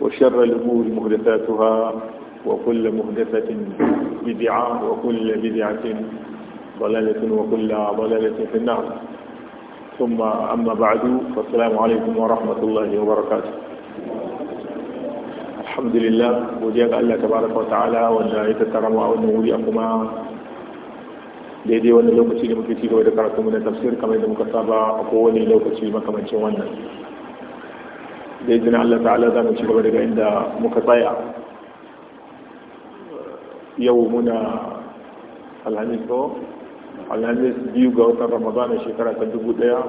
وشر الأمور مهدثاتها وكل مهدثة بدعة وكل بدعة ضلالة وكل ضلالة في النار ثم أما بعد فالسلام عليكم ورحمة الله وبركاته الحمد لله وجاءك الله تبارك وتعالى والله تترمى أنه لأنكما لدي ولا لو كتير مكتير ودكرتم من التفسير كما إذا مكتابا أقول لو كتير مكتير مكتير da izini Allah ta'ala za mu ci gaba daga inda muka tsaya yau muna alhamis ko alhamis biyu ga watan ramadana shekara ta dubu daya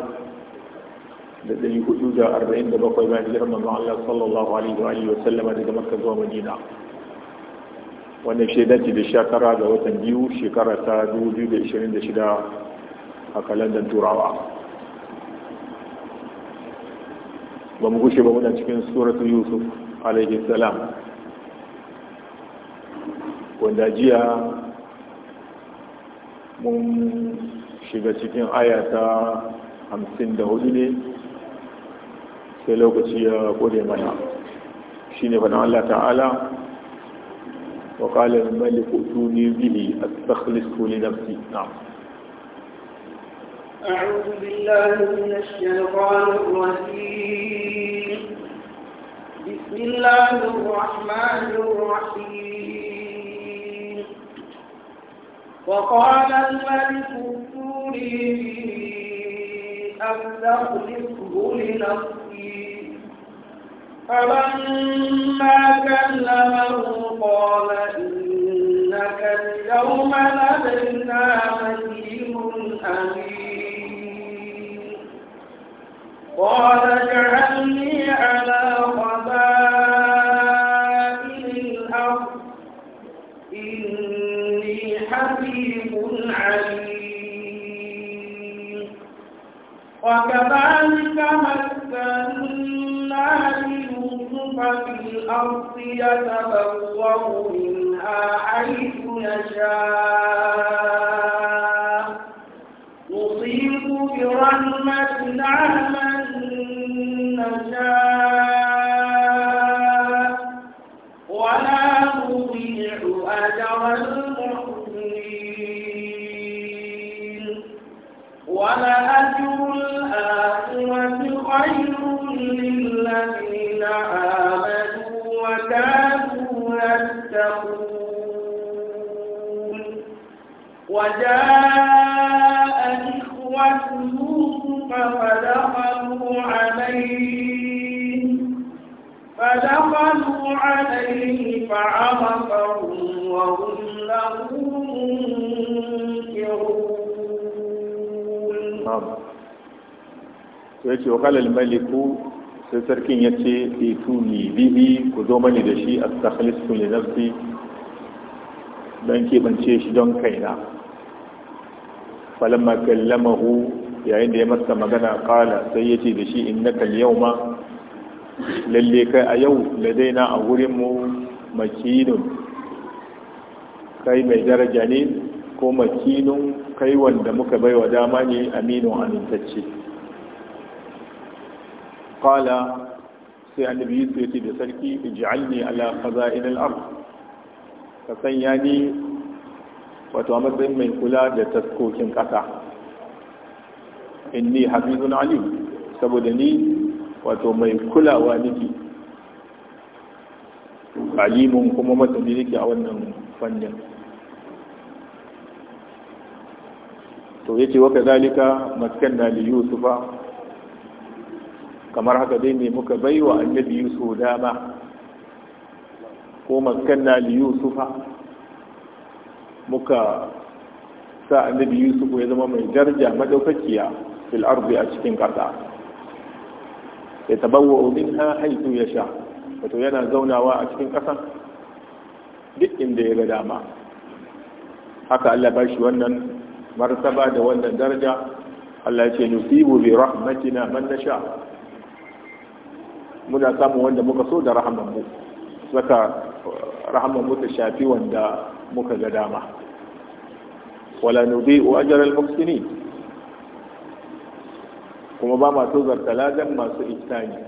da ɗari hudu da arba'in da bakwai bayan hijirar manzon Allah sallallahu alaihi wa sallama daga makka zuwa madina wannan shaida ce da shekara ga watan biyu shekara ta dubu biyu da ishirin da shida a kalandar turawa ba mu gushe ba muna cikin surat yusuf alaihi salam wanda jiya mun shiga cikin ayata hamsin da hudu ne sai lokaci ya kode mana shi ne faɗin Allah ta'ala wa ƙalar maliku tuni bihi a tsakhlis nafsi na أعوذ بالله من الشيطان الرجيم بسم الله الرحمن الرحيم وقال الملك ائتوني أستخلصه لنفسي فلما كلمه قال إنك اليوم لدينا مكين أمين قال اجعلني على خلق وكذلك مكنا ليوسف في الأرض يتبوأ منها حيث يشاء نصيب برحمتنا من نشاء ولا نضيع أجر المحسنين أجر وجاء إخوة يوسف فدخلوا عليه فدخلوا عليه فعرفهم وهم له منكرون sai ce wakalar maliku sai sarkin ya ce ituni bihi ku zo mani da shi a tsakhalisun linafsi don keɓance shi don kaina falamma makallamahu yayin da ya masa magana kala sai ya ce da shi yau ma lalle kai a yau ladaina a wurin mu makinun kai mai daraja ne ko makinun kai wanda muka baiwa dama ne aminu amintacce kala sai annabi yusuf ya ce da sarki ne ala khaza'in al ka sanya ni wato a matsayin mai kula da taskokin ƙasa inni hafizun alim saboda ni wato mai kulawa niki alimun kuma matsayi niki a wannan fannin to yake waka zalika maskan na yusufa kamar haka dai ne muka baiwa annabi yusuf dama ko makanna li yusufa muka sa annabi yusuf ya zama mai darja madaukakiya fil ardi a cikin ƙasa ya tabawwa minha ya sha, wato yana zaunawa a cikin ƙasa. duk inda ya ga dama haka Allah ba shi wannan martaba da wannan daraja Allah ya ce nusibu bi rahmatina man nasha muna samu wanda muka so da rahman mu saka rahama muka shafi wanda muka ga dama wala nudi'u ajra al-muhsinin kuma ba ma tozarta ladan masu ihsani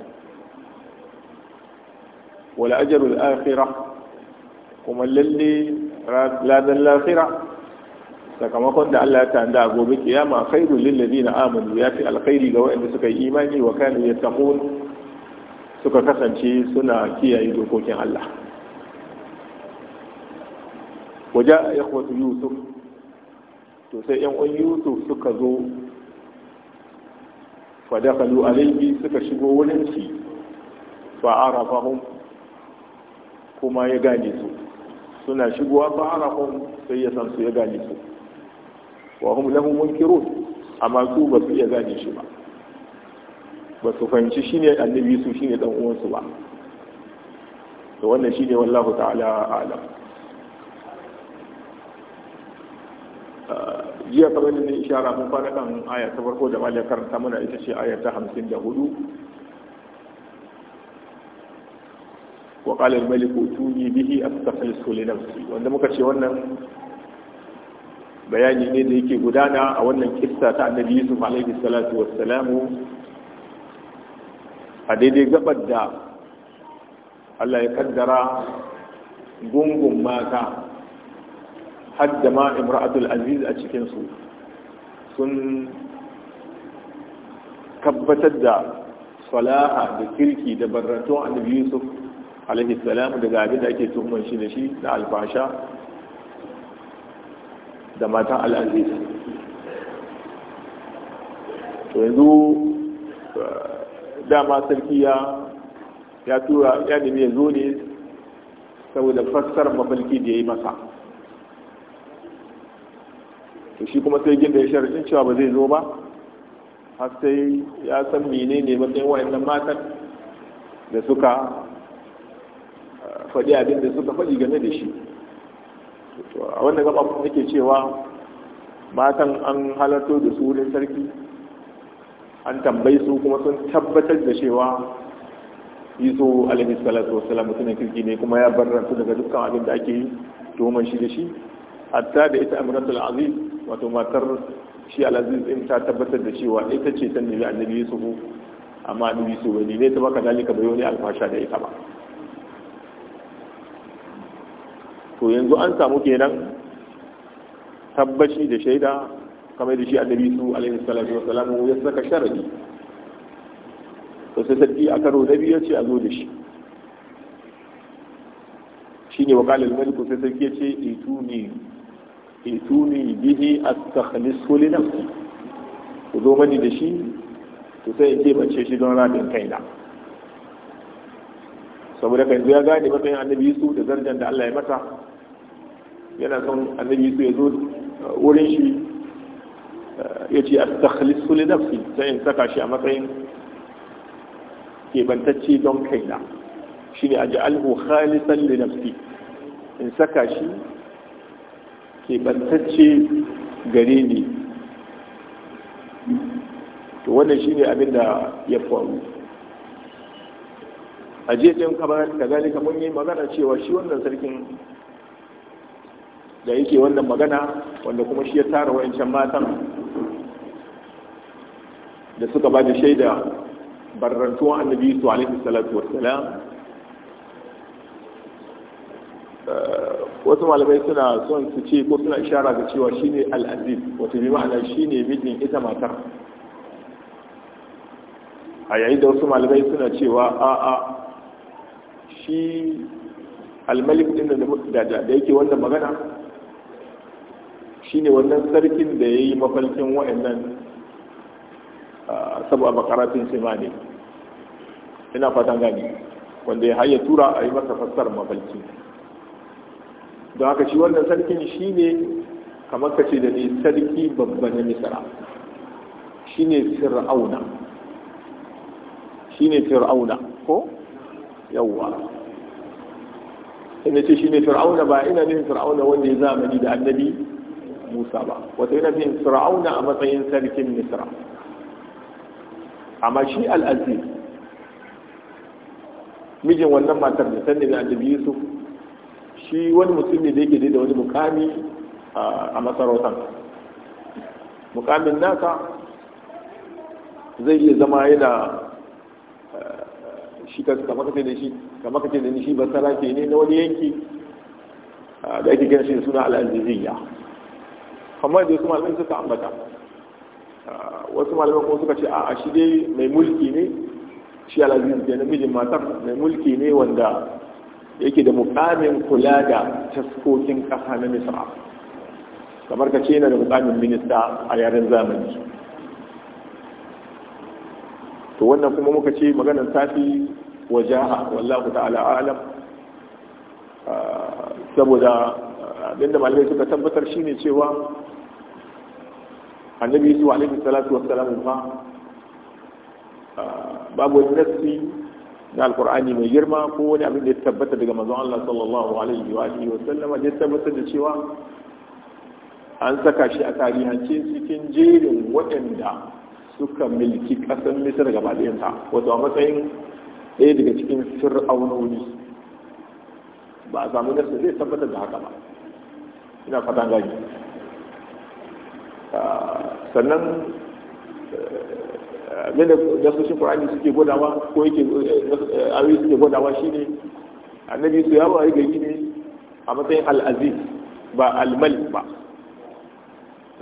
wala ajru al-akhirah kuma lalle ladan lafira sakamakon da Allah ya tanda a gobe kiyama khairul lil ladina amanu yafi alkhairi ga waɗanda suka yi imani wa kanu yattaqun suka kasance suna kiyaye dokokin Allah waje a yakwatu yusuf to sai uwan yusuf suka zo fadakalu alaihi suka shigo wurin shi fa'arafahum kuma ya gane su suna shigowa fa'arafahum sai ya san su ya gane su wa hum lahum munkirun amma su ba su iya gane shi ba ba su fahimci shi ne annabi su shi ne ɗan uwansu ba da wannan shi ne wallahu ta'ala alam ah, jiya kamar da ne ishara mun fara kan aya ta farko da malaka karanta mana ita ce aya ta hamsin da hudu wa qala al-malik tuni bihi astakhlisu li nafsi wanda muka ce wannan bayani ne da yake gudana a wannan kissa ta annabi Yusuf alaihi salatu wassalamu a daidai gabar da Allah ya kaddara gungun mata hadda ma imra'atul aziz a cikinsu sun tabbatar da salaha, da kirki da barratun annabi yusuf alaihi salam daga abin da ake tuhumar shi da shi da alfasha da matan al'aziz yanzu dama sarki ya ya tura ya nemi ya zo ne saboda fassar mafalki da ya yi masa to shi kuma sai gina ya sharafin cewa ba zai zo ba har sai ya san mene ne matsayin wa'annan matan da suka faɗi abin da suka faɗi game da shi a wannan gaba nake cewa matan an halarto da su wurin sarki an tambayi su kuma sun tabbatar da cewa yusu alaihi salatu wassalam mutumin kirki ne kuma ya barranta daga dukkan abin da ake yi domin shi da shi hatta da ita amratul aziz wato matar shi al-aziz ta tabbatar da cewa ita ce ta nabi annabi yusuf amma annabi yusuf bai ne ta baka dalika bai wani alfasha da ita ba to yanzu an samu kenan tabbaci da shaida kamar da shi annabi su alaihi salatu wasalam ya saka sharadi to sai sarki a karo na biyu ce a zo da shi shine wa qala al-malik sai sarki ya ituni ituni bihi astakhlisu li nafsi ku zo mani da shi to sai ce bace shi don rabin kaina saboda kai ya gane matsayin annabi su da zarjan da allah ya mata yana son annabi su ya zo wurin shi ya ce a takhalisu li nafsi sai in saka shi a matsayin kebantacce don kaina shi ne a ji alhu khalisan li nafsi in saka shi kebantacce gare ni to wannan shi ne abin da ya faru a jejin kamar kazalika mun yi magana cewa shi wannan sarkin da yake wannan magana wanda kuma shi ya tara wayancan matan da suka ba da shaida barrantuwan annabi su alaihi salatu wassalam eh, wasu malamai suna son su ce ko suna ishara ga cewa shine ne aziz wato bi ma'ana shine mijin ita matar a yayin da wasu malamai suna cewa a'a shi almalik din da da yake wannan magana shine wannan sarkin da ya yi mafalkin wa'annan sabu a bakarafin ne, ina fatan gani wanda ya haya tura a yi masa fassar mafalki don haka shi wannan sarkin shi ne kamar ka ce da ne sarki babban na misra shi ne fir'auna shi ne fir'auna ko yawwa ina ce shi ne fir'auna ba ina nufin fir'auna wanda ya zamani da annabi musa ba wata ina nufin fir'auna a matsayin sarkin misra amma shi al'adzi mijin wannan matar da sanne da annabi yusuf shi wani mutum ne da yake da wani mukami a masarautar mukamin nasa zai iya zama yana eh, shi ka kace da shi da ni shi ba sarake ne na wani yanki eh, da ake gina shi suna al'aziziyya kamar da su malamai suka ambata wasu malamai kuma suka ce a shi dai mai mulki ne shi alaziz da namijin matar mai mulki ne wanda yake da mukamin kula da taskokin kasa na misra kamar ka ce yana da mukamin minista a yaren zamani to wannan kuma muka ce maganar tafi wajaha wallahu ta'ala alam saboda abinda malamai suka tabbatar shine cewa annabi yusuf alaihi salatu wassalam fa ah, babu wani nassi na alkur'ani mai girma ko wani abin da ya tabbata daga manzon Allah sallallahu alaihi wa alihi wa sallama da ya tabbata da cewa an saka shi a tarihance cikin jerin waɗanda suka milki ƙasar misar gaba ɗayanta wato a matsayin ɗaya daga cikin fir'aunoni ba a samu nasa zai tabbata da haka ba ina fata gani Ah, sannan su eh, nasoshin ƙwararri suke godawa ko yake eh, ayoyi suke godawa shi ne annabi su yawon a gari ne a matsayin al'aziz ba almal ba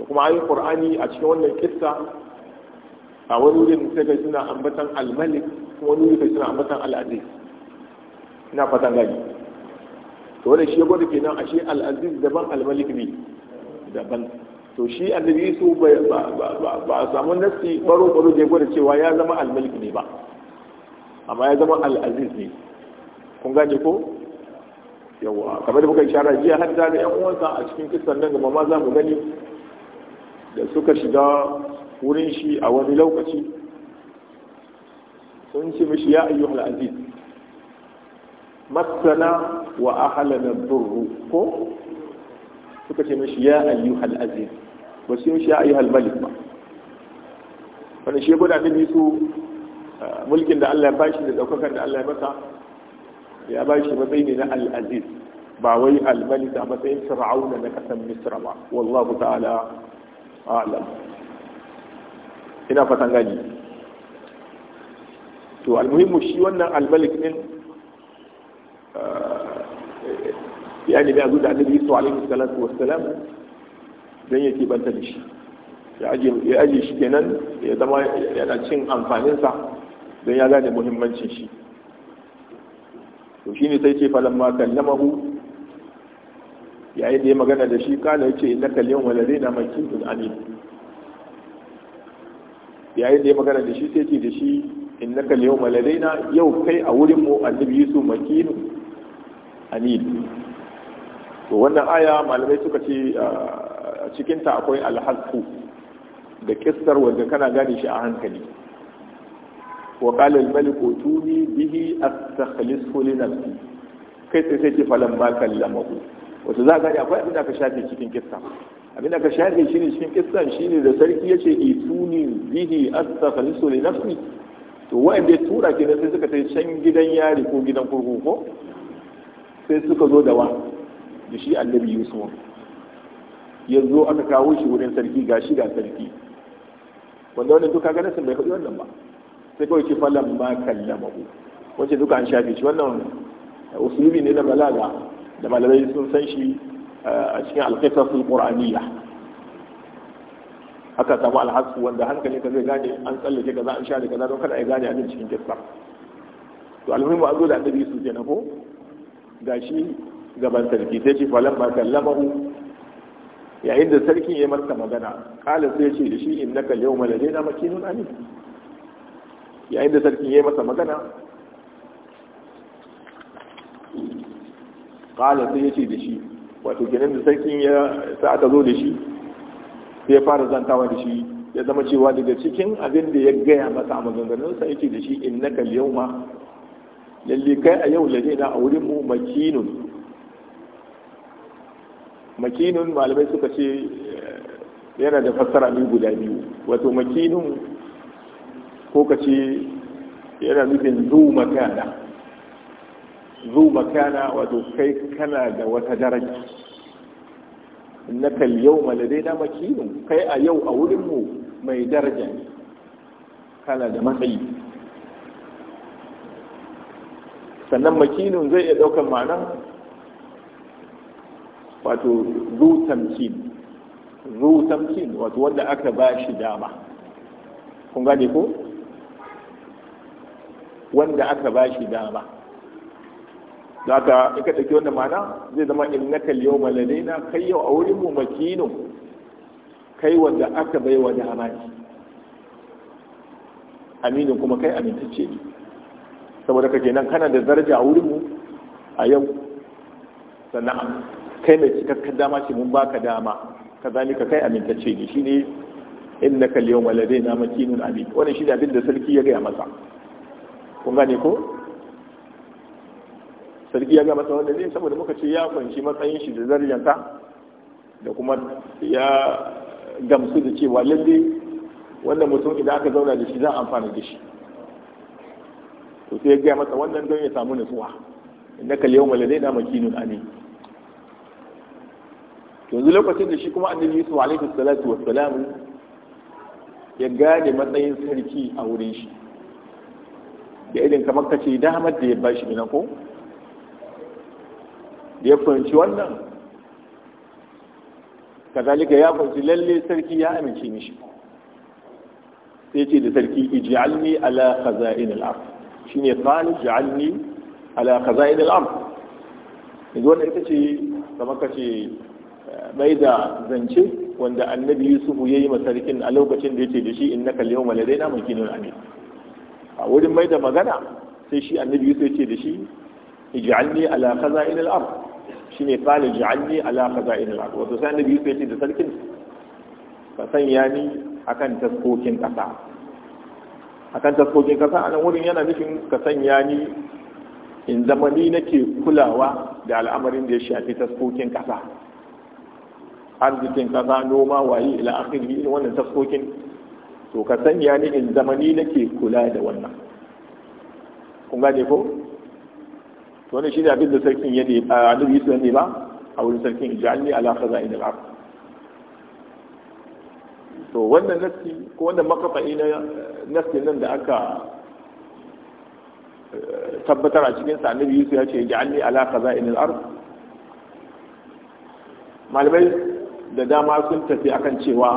da kuma ayoyin ƙwararri a cikin wannan kista a wani wurin sai kai suna ambatan almalik kuma wani wurin kai suna ambatan al'aziz ina fatan gani to wani shi ya gwada kenan ashe al'aziz daban almalik ne daban to shi annabi su ba a samu nassi baro baro da gwada cewa ya zama almalik ne ba amma ya zama al'aziz ne kun gane ko yawa kamar da muka ishara jiya har da yan uwansa a cikin kisan nan gama ma za mu gani da suka shiga wurin shi a wani lokaci sun ce mishi ya ayyuhal aziz masana wa ahalana durru ko suka ce mishi ya ayyuhal aziz ba su yi shi a yi halmalik ba wani shi guda nabi su mulkin da allah ya bashi da ɗaukakar da allah ya masa ya bashi matsayi ne na al'aziz ba wai almalik a matsayin fir'auna na ƙasar misra ba wallahu ta'ala a'lam ina fatan gani to almuhimmu shi wannan almalik din yani bai azu da annabi sallallahu alaihi wasallam don ya banta da shi ya ajiye shi kenan ya zama yana cin amfaninsa don ya gane muhimmancin shi to shi ne sai ce na kallamahu yayin da ya magana da shi kala ya ce inna kalyan walare na makinun amin yayin da ya magana da shi sai ce da shi inna kalyan walare na yau kai a wurin mu annabi yusu makinun amin to wannan aya malamai suka ce ah, cikinta akwai alhassu da kistar wanda kana gane shi a hankali wa qala al-malik utuni bihi astakhlisu li nafsi kai sai sai ki falon ma ku. wato za gane akwai abin da ka shafe cikin kissa abin da ka shafe shi ne cikin shi ne da sarki yace tuni bihi astakhlisu li nafsi to wanda ya tura ke sai suka ta can gidan yari ko gidan kurkuku sai suka zo da wa da shi annabi yusuf Yanzu aka kawo shi wurin sarki ga shi ga sarki wanda wani duka ganin sun bai kudi wannan ba sai kawai ce falon ma kallama mabu wacce duka an shafe shi wannan usulubi ne na balaga da malamai sun san shi eh, a cikin sun qur'aniyya haka samu alhassu wanda hankali ka zai gane an tsallake kaza an share kaza don kada ya gane abin cikin kissa to almuhimmu a zo da annabi su na ko gashi gaban sarki sai ce ba ma mabu yayin da sarkin ya masa magana kala sai ce da shi innaka yawma ladaina makinun amin yayin da sarkin ya masa magana kala sai ya ce da shi wato kenan da sarkin ya sa aka zo da shi sai ya fara zantawa da shi ya zama cewa daga cikin abin da ya gaya masa a maganganunsa ya ce da shi innaka yawma lalle kai a yau ladaina a wurin mu makinun makinun malamai suka ce eh, yana da fassara min guda biyu wato makinun ko ka ce yana nufin zu makana zu makana wato kai kana da wata daraja kal yau malade na makinun kai a yau a wurinmu mai daraja kana da matsayi sannan makinun zai iya daukan ma'ana wato zutamkin, zutamkin wato wanda aka ba shi dama kun gane ko wanda aka ba shi dama da aka ika ɗauki wannan ma'ana zai zama in na kaliyau malalaina kai yau a wurin mu makinu kai wanda aka bai wa dama ne aminin kuma kai amintacce ne saboda kake nan kana da zarja a wurin mu a yau sannan kai mai cikakken dama ce mun baka dama Ka ka kai amintacce ne shine innaka al-yawma ladaina makinun amin wannan shi da abin da sarki ya gaya masa kun gane ko sarki ya ga masa wanda zai saboda muka ce ya kwanci matsayin shi da zarjanta da kuma ya gamsu da cewa lalle wannan mutum idan aka zauna da shi za a amfana da shi to sai ya gaya masa wannan don ya samu nutsuwa innaka al-yawma ladaina makinun amin yanzu lokacin da shi kuma annabi yusuf alaihi salatu wa salamu ya gane matsayin sarki a wurin shi da irin kamar kace damar da ya bashi ne ko da ya fahimci wannan kazalika ya fahimci lalle sarki ya amince mishi sai ce da sarki ij'alni ala khaza'in al-ard shine qal ij'alni ala khaza'in al-ard yanzu wannan ita ce kamar kace mai da zance wanda annabi yusufu ya yi masarikin a lokacin da ya ce da shi in na kalli yau malarai na mulki nuna ne a wurin mai da magana sai shi annabi yusuf ya ce da shi ij'alni ala khaza'in al-ard ne qala ij'alni ala khaza'in al-ard wato sai annabi yusuf ya ce da sarkin ka sanya ni akan taskokin kasa akan taskokin kasa a nan wurin yana nufin ka sanya ni in zama ni nake kulawa da al'amarin da ya shafi taskokin kasa arzikin kasa noma waye ila akhiri wannan tafkokin to ka sanya ni in zamani nake kula da wannan kun gane ko to shi shine abin da sarkin ya ne a annabi Yusuf ne ba a wurin sarkin ij'alni ala khaza'in al-ard to wannan nafsi ko wannan makafa'i na nafsi nan da aka eh, tabbatar a cikin sa annabi Yusuf ya ce ij'alni ala khaza'in al-ard malamai da dama sun tafi akan cewa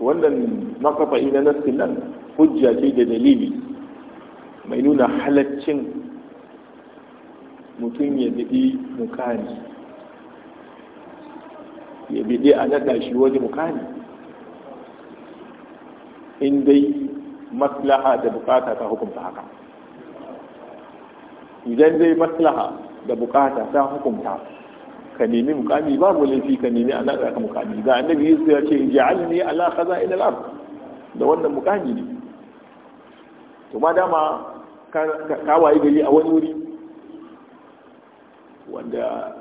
wannan makafa'i na nassin nan hujja ce da dalili mai nuna halaccin mutum ya biɗi mukani ya biɗi a nada shi wani mukani in dai maslaha da bukata ta hukunta haka idan dai maslaha da bukata ta hukunta ka nemi mukami babu laifi ka nemi ana naɗa ka mukami ga annabi yusuf ya ce ja'alni ala khaza'in al-ard da wannan mukami ne to ma dama ka waye gari a wani wuri wanda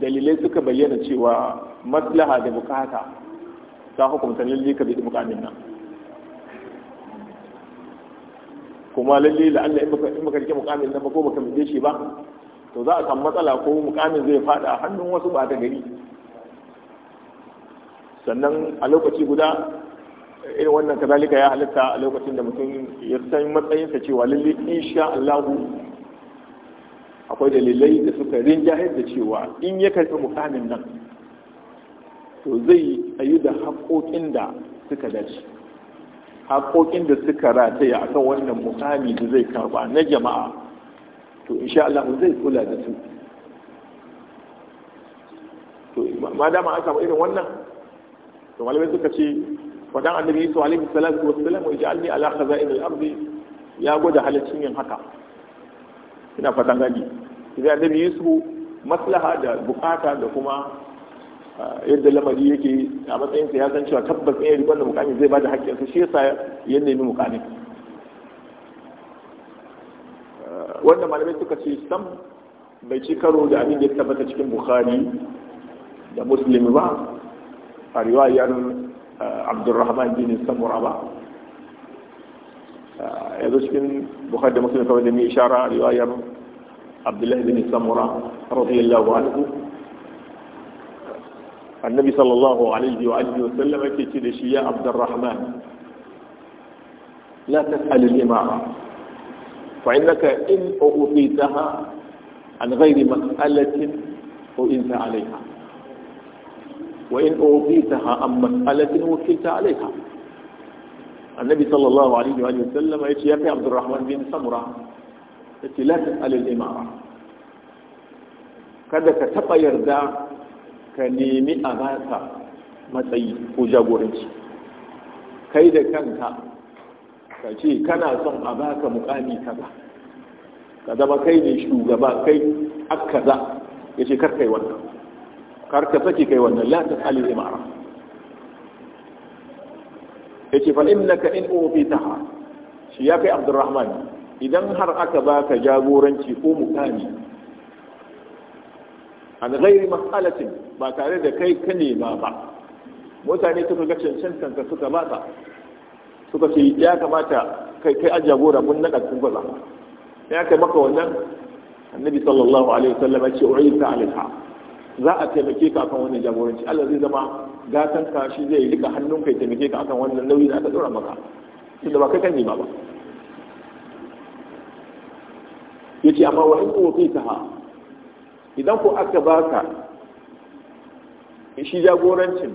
dalilai suka bayyana cewa maslaha da bukata ta hukumta lalle ka bi mukamin nan kuma lalle da Allah in baka rike mukamin nan ba ko baka mide shi ba to za a samu matsala ko mukamin zai fada a hannun wasu ba ta gari sannan a lokaci guda irin wannan kazalika ya halitta a lokacin da mutum ya san matsayinsa cewa lalle insha Allah akwai dalilai da suka rinjahar da cewa in ya karfi mukamin nan to zai ayi da haƙoƙin da suka dace haƙoƙin da suka rataya akan wannan mukami da zai karɓa na jama'a to sha Allah zai kula da su to ma dama an samu irin wannan to malami suka ce dan annabi sallallahu alaihi wa sallam wa ij'alni ala khaza'in al-ardi ya gwada halaccin yin haka ina fatan gani idan annabi yusu maslaha da bukata da kuma yadda lamari yake a matsayinsa ya san cewa tabbas ɗaya rikon da mukamin zai ba da haƙƙinsa shi yasa ya nemi mukamin wanda malamai suka ce sam bai ci karo da abin da ya tabbata cikin bukhari da muslim ba a riwayar uh, abdurrahman bin samura ba uh, yanzu cikin bukhari da muslim kawai da mai ishara a riwayar abdullahi bin samura radiyallahu anhu annabi sallallahu alaihi wa alihi wa sallam yake ce da shi ya abdurrahman la tas'al al-imara فإنك إن أعطيتها عن غير مسألة أعطيت عليها وإن أعطيتها عن مسألة أعطيت عليها النبي صلى الله عليه وآله وسلم يقول يا عبد الرحمن بن سمرة يقول لا تسأل الإمارة kada ka taɓa yarda ka nemi a baka matsayi ko jagoranci kai da kanka ka ce kana son a baka mukami kaza ka zama kai ne shugaba kai akaza ya ce kar yi wannan kar ka kai wannan latin ta tsali ya ce fal'in na ka in ofi ta ha shi ya kai abdurrahman idan har aka baka jagoranci ko mukami an gairi mas'alatin ba tare da kai ka nema ba mutane suka ga cancanta suka ba ta suka ce ya kamata kai kai a jagora mun naka cikin faɗa ya kai maka wannan annabi sallallahu alaihi wasallam ya ce u'inka alaiha za a taimake ka akan wannan jagoranci Allah zai zama gatan ka shi zai rika hannun kai taimake ka akan wannan nauyi da aka dora maka tunda ba kai kan nima ba yace amma wa in ha idan ku aka baka shi jagorancin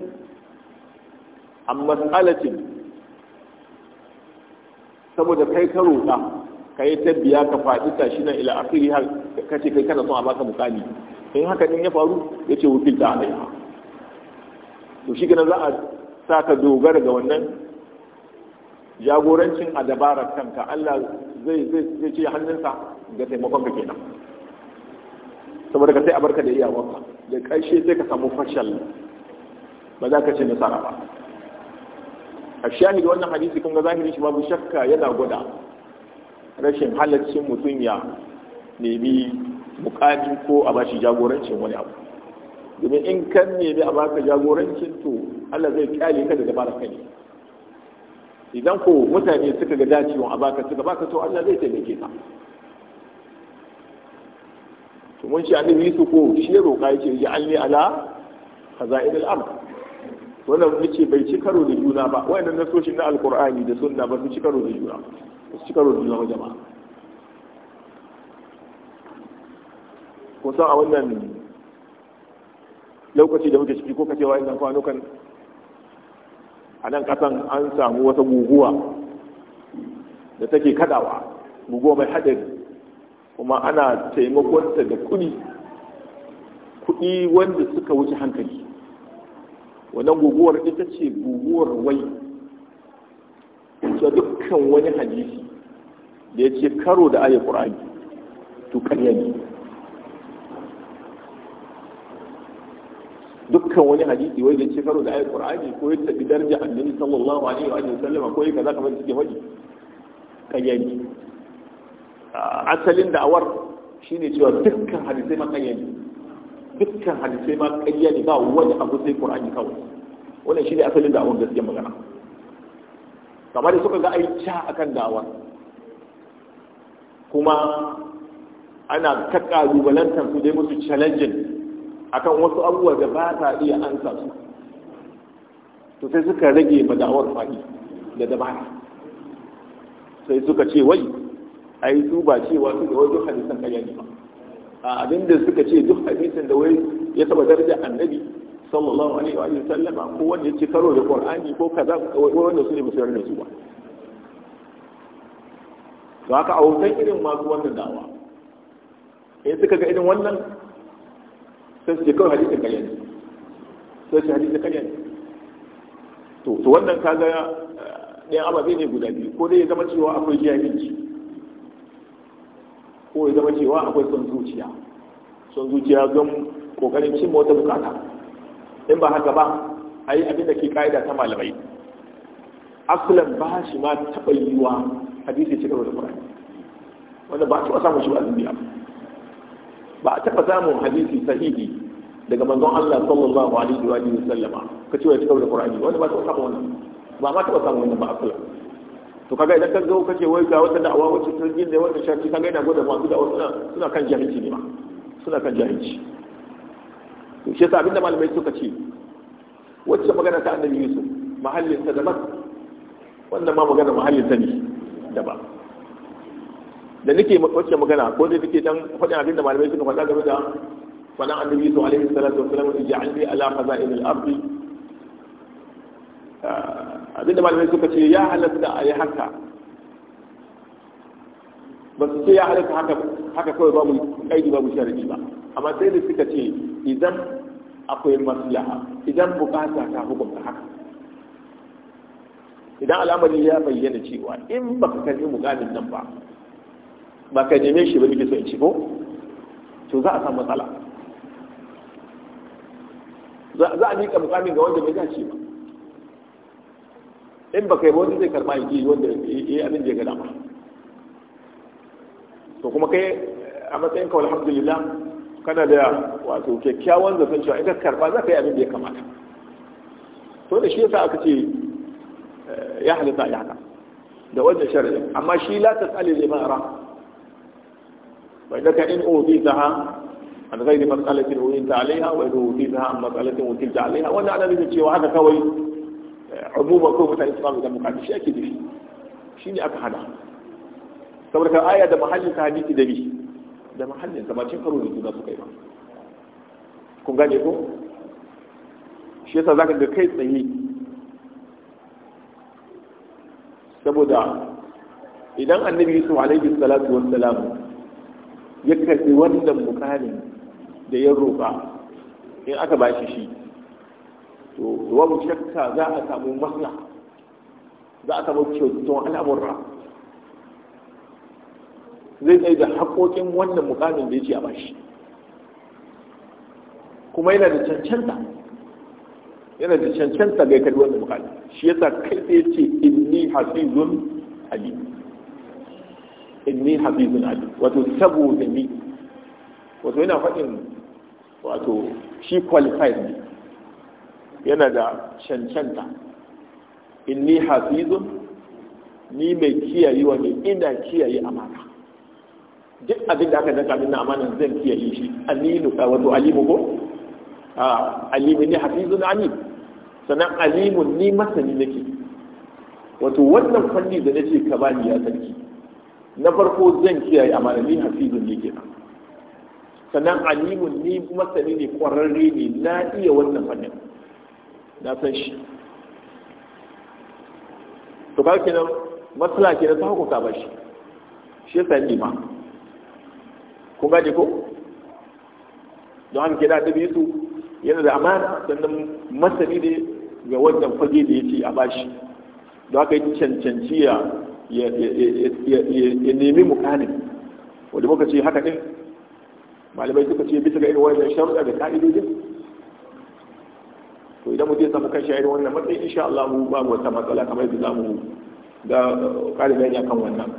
amma alatin saboda kai ka roƙa ka yi tabbiya ka faɗi ta shi na ila akiri har ka ce kai kana son a baka misali in haka din ya faru ya ce wukil a laifa to shi za a sa ka dogara ga wannan jagorancin a dabarar kanka Allah zai ce hannunsa ga taimakon ka kenan saboda ka sai a barka da iyawarka da ƙarshe sai ka samu fashal ba za ka ce nasara ba a shahidi wannan hadisi kun ga zahirin shi babu shakka yana gwada rashin halaccin mutum ya nemi mukami ko a bashi jagorancin wani abu domin in kan nemi a baka jagorancin to Allah zai kyale ka daga bara kai idan ko mutane suka ga dacewa a baka suka baka to Allah zai taimake ka to mun shi annabi su ko shi roƙa yake ji alli ala khaza'il al-ard wannan ce bai ci karo da juna ba nan nasoshin na alqur'ani da sunna ba su ci karo da juna ba su ci karo da juna ba jama'a kusan a wannan lokaci da muke ciki ko kacewa kwano kwanukan a nan kasan an samu wata guguwa da take kadawa guguwa mai hadari kuma ana taimakonta da kuɗi kuɗi wanda suka wuce hankali wannan guguwar ita ce guguwar wai ta dukkan wani hadisi da ya ce karo da ayat qur'ani to ƙarya ne dukkan wani hadisi wai da ya ce karo da ayat qur'ani ko ya tafi daraja annabi sallallahu alaihi wa sallam ko ya kaza kamar da suke faɗi ƙarya ne asalin da'awar shine cewa dukkan hadisai makanya ne dukkan hadisai ma ƙarya ne ba wani abu sai qur'ani kawai wannan shine asalin da'awar gaskiyar magana kamar da suka ga ai ca akan da'awar kuma ana ta kalubalantar su dai musu challenging akan wasu abubuwa da ba ta iya ansa su to sai suka rage ma da'awar da dabara sai suka ce wai ai su ba cewa su da wajen hadisan kayan ba abinda suka ce duk hadisin da wai ya saba daraja annabi sallallahu alaihi wa sallama ko wanda ya ce karo da qur'ani ko kaza wanda su ne musulmi ne su ba to haka autan irin masu wannan dawa eh suka ga irin wannan sai su ce kawai hadisin karya ne sai su hadisin karya ne to to wannan kaga eh, ɗayan ababe ne guda biyu ko dai ya zama cewa akwai jahilci ko ya zama cewa akwai son zuciya son zuciya don kokarin cin wata bukata in ba haka ba a yi abin da ke ka'ida ta malamai asulan ba shi ma taɓa yiwa hadisi ci gaba da ƙwarai wanda ba a taɓa samun shi ba a duniya ba a taɓa samun hadisi sahihi daga manzon Allah sallallahu alaihi wa sallama ka ce ya ci gaba da ƙwarai wanda ba a taɓa samun wannan ba ma taɓa samun wannan ba asulan to kaga idan ka zo kace wai ga wata da'awa wacce ta yin da wata shafi kaga yana gwada masu da'awa wasu suna kan jahilci ne ma suna kan jahilci to shi yasa abinda malamai suka ce wacce magana ta annabi Yusuf mahallin ta daban wannan ma magana mahallin ta ne ba. da nake wacce magana ko da nake dan faɗin abinda malamai suka faɗa game da faɗan annabi Yusuf alaihi salatu wasallam ij'alni ala khaza'in al-ardi abinda malamai suka ce ya halatta a yi haka ba su ce ya halatta haka haka kawai babu kaidi babu sharadi ba amma sai da suka ce idan akwai maslaha idan bukata ta hukunta haka idan al'amari ya bayyana cewa in ba ka kalli mukamin nan ba ba ka neme shi ba kike so in ci ko to za a samu matsala za a miƙa mukamin ga wanda bai dace ba in ba kai ba wani zai karba yi wanda ya yi abin da ya gada to kuma kai a matsayin kawai alhamdulillah kana da wato kyakkyawan zafin cewa in karba za ka yi abin da ya kamata to da shi yasa aka ce eh, ya halitta ya haka da wajen shari'a amma shi la tasali liman ra wa idaka in uditaha an ghairi wuyin ta alaiha wa idza uditaha an wuyin ta alaiha wanda ana nufin cewa haka kawai abubuwa ko mutane suna da bukatu shi ake nufi shi ne aka hana saboda aya da mahallin ta da bi da mahallin ta karo da juna su kai ba kun gane ko shi zaka ga kai tsaye saboda idan annabi yusuf alaihi salatu wassalam ya kasi wannan mukamin da ya roƙa in aka bashi shi to babu shakka za a samu masla za a samu kyautuwan al'amurra zai tsaye da haƙoƙin wannan mukamin da ya ce a bashi kuma yana da cancanta yana da cancanta ga kalli wannan mukamin shi yasa kai tsaye ce inni hafizun ali inni hafizun ali wato saboda ni wato yana faɗin wato shi qualified ne yana da cancanta inni hafizun ni mai kiyaye wani ina kiyaye amana duk abin da aka daka min amana zan kiyaye shi a wato alimu ko a alimu ne hafizun alim sannan Alimu ni masani nake wato wannan fanni da nace ka bani ya sarki na farko zan kiyaye amana ni hafizun ne kenan sannan Alimu ni masani ne kwararre ne na iya wannan fannin na san shi to kawo kenan matsala kenan ta hukunta ba shi shi ya yi ma kun gaji ko don haka ke da biyu su yana da amana sannan masani ne ga wannan fage da ya ce a bashi don haka yi cancanci ya nemi mukanin wadda muka ce haka ɗin malamai suka ce bisa ga irin wannan sharuɗa da ka'idojin to idan mutum ya samu kan shayar wannan matsayin insha Allah mu mu wata matsala kamar yadda zamu ga kare bayani akan wannan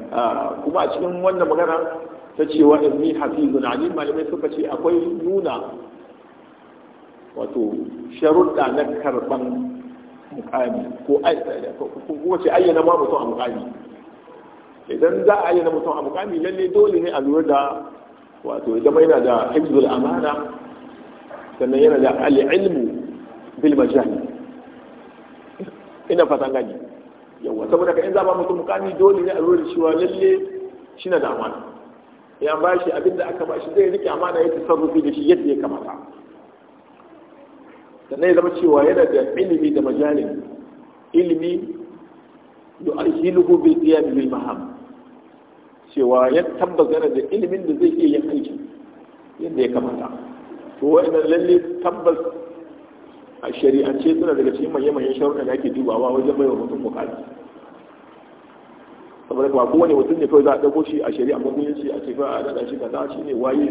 kuma a cikin wannan magana ta cewa ilmi hafizun alim malamai suka ce akwai nuna wato sharuɗa na karɓan mukami ko kuma ce ayyana ma mutum a mukami idan za a ayyana mutum a mukami lalle dole ne a lura da wato idan yana da hifzul amana sannan yana da al'ilmu fil majani ina fatan gani yawa saboda ka in zaba mutum mukami dole ne a lura da cewa lalle shi na da amana ya ba shi abin da aka ba shi zai rike amana ya tasarrufi da shi yadda ya kamata sannan ya zama cewa yana da ilimi da majalin ilimi da yu'ahiluhu bil qiyam bil maham cewa ya tabbata da ilimin da zai iya yin aiki yadda ya kamata to wa'annan lalle tabbas a shari'ance suna daga cikin manya-manyan sharuɗa da ake dubawa wajen baiwa mutum bukatu saboda kuma kowane mutum ne kawai za a ɗauko shi a shari'a mutunci a cikin a daga shi kaza shi ne waye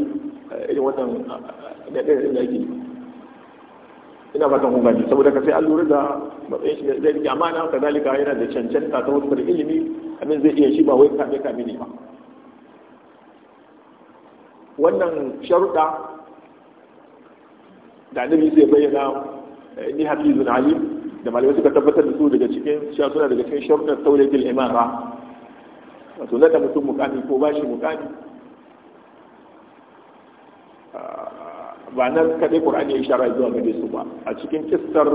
eh, irin wannan daɗin da yake ina fatan kun gani saboda ka sai an lura da matsayin shi zai rike amana ka zalika yana da cancanta ta wasu ilimi amin zai iya shi ba wai kame kame ne ba wannan sharuɗa da annabi zai bayyana ni hafizun Ali da malamai suka tabbatar da su daga cikin cewa suna daga cikin sharuɗar taulatul imara wato nada mutum mukami ko ba shi mukami ah, ba nan kaɗai ƙur'ani ya ishara zuwa gare su ba a cikin kistar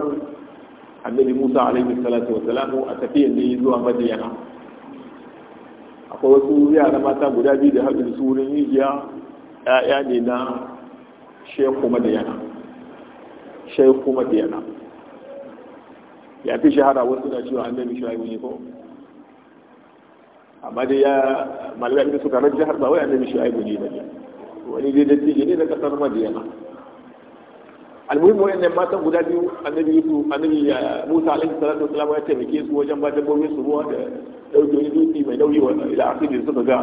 annabi musa alaihi salatu wa salamu a tafiyan da ya zuwa madiyana akwai wasu yara mata guda biyu da haɗin su wurin rijiya ya'ya ne na shekhu madiyana shaiku madiyana ya fi shahara wasu suna cewa nemi shaibu ne ko amma dai ya malaga inda suka rajja har ba wai nemi shaibu ne bane wani dai dai ne da kasar madiyana almuhimmi wayannan matan guda biyu annabi yusu annabi musa alaihi salatu wasalam ya taimake su wajen ba dabbobin su ruwa da dauke wani dutse mai nauyi wa ila akidi suka ga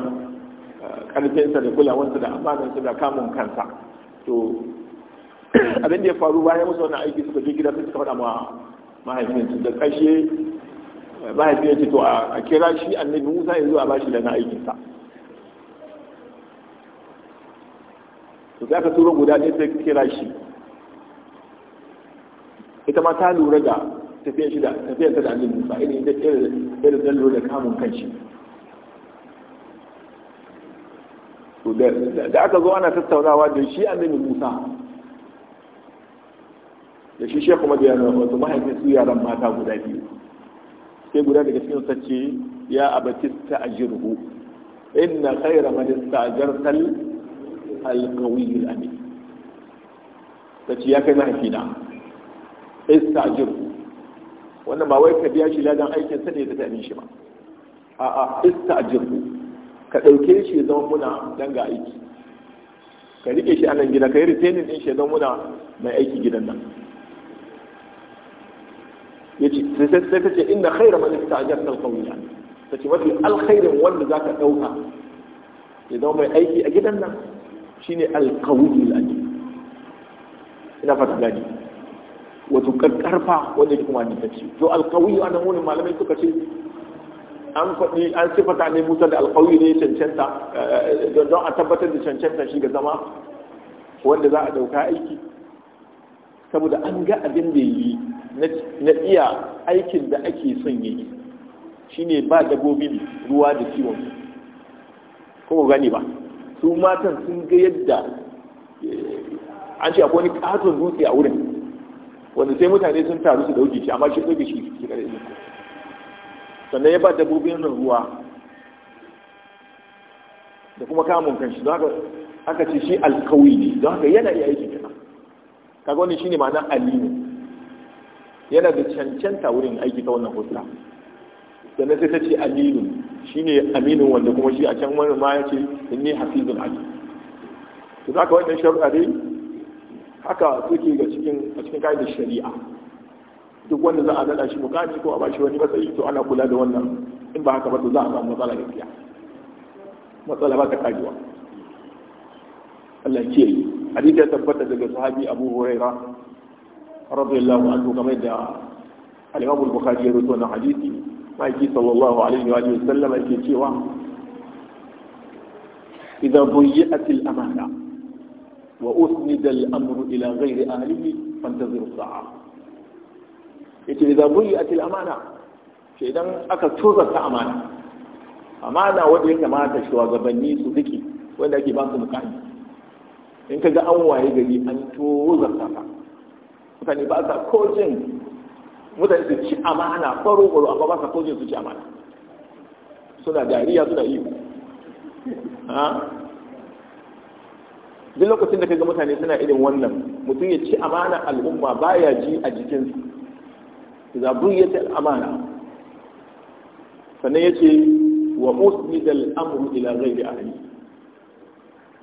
karfinsa eh, da kulawansa da su da kamun kansa to abin da ya faru bayan musu wani aiki suka je gida sun suka faɗa ma mahaifinsu da ƙashe mahaifin to a kira shi annabi musa ya zuwa a bashi da na aikinsa to za aka tura guda ɗaya sai kira shi ita ma ta lura da tafiyar shi da tafiyar ta da annabi musa irin da irin da lura da kamun kanshi to da aka zo ana tattaunawa da shi annabi musa da shi shekhu madiyana wasu mahaifin su yaran mata guda biyu sai guda daga cikin sace ya abatista ajirhu inna khayra man istajartal alqawiyul amin sace ya kai mahaifina jirgu. wannan ba wai ka biya shi ladan aikin sa ne da ta shi ba a'a jirgu. ka ɗauke shi zama muna don ga aiki ka rike shi a nan gida ka yi retaining din shi zama muna mai aiki gidan nan sai sai ta ce inna khayra man ista'jarta al-qawiyya ta ce mafi alkhairin wanda zaka dauka ya zama mai aiki a gidan nan shine al-qawiyyu al-amin ina fata gani wato karfa wanda kuma ni ta ce to al-qawiyyu anan wani malamai suka ce an faɗi an sifata ne musa da alƙawi ne cancanta eh, eh, don a tabbatar da cancanta shi ga zama wanda za a ɗauka aiki saboda an ga abin da yi na iya aikin da ake son yi shine ba dabbobin ruwa da ciwon. su kuma gani ba su matan sun ga yadda eh, an ce akwai wani katon dutse a wurin wanda sai mutane sun taru su dauke shi amma shi dauke shi shi kare shi sannan ya ba dabbobin ruwa da kuma kamun kanshi don haka aka ce shi alkawi ne don haka yana iya aikin kaga wani shine ma'ana alimu yana da cancanta wurin aiki ta wannan hotuna. sannan sai ta ce aminu shi ne aminu wanda kuma shi a can wani ma ya ce ne hafizun aji to za ka wannan shari'a dai haka suke ga cikin a cikin ka'idar shari'a duk wanda za a nada shi mukami ko a bashi wani matsayi to ana kula da wannan in ba haka ba to za a samu matsala gaskiya matsala ba ta Allah ke yi hadisi ya tabbata daga sahabi Abu Hurairah radiyallahu anhu kamar da al-Imam al-Bukhari ya rawaito wannan hadisi maki sallallahu alaihi wa alihi sallam yake cewa idza buyyat al-amana wa usnida al-amru ila ghairi ahlihi fantaziru as-sa'a yace idza buyyat al-amana sai idan aka toza ta amana amana wanda ya kamata shugabanni su wanda ake in kaga an waye gari an toza mutane ba sa kojin mutane su ci amana faro faro amma ba sa kojin su ci amana suna dariya suna iyo duk lokacin da ka ga mutane suna irin wannan mutum ya ci amana al'umma baya ji a su za ci amana sannan ya ce wa usnid al'amru ila ghairi ahli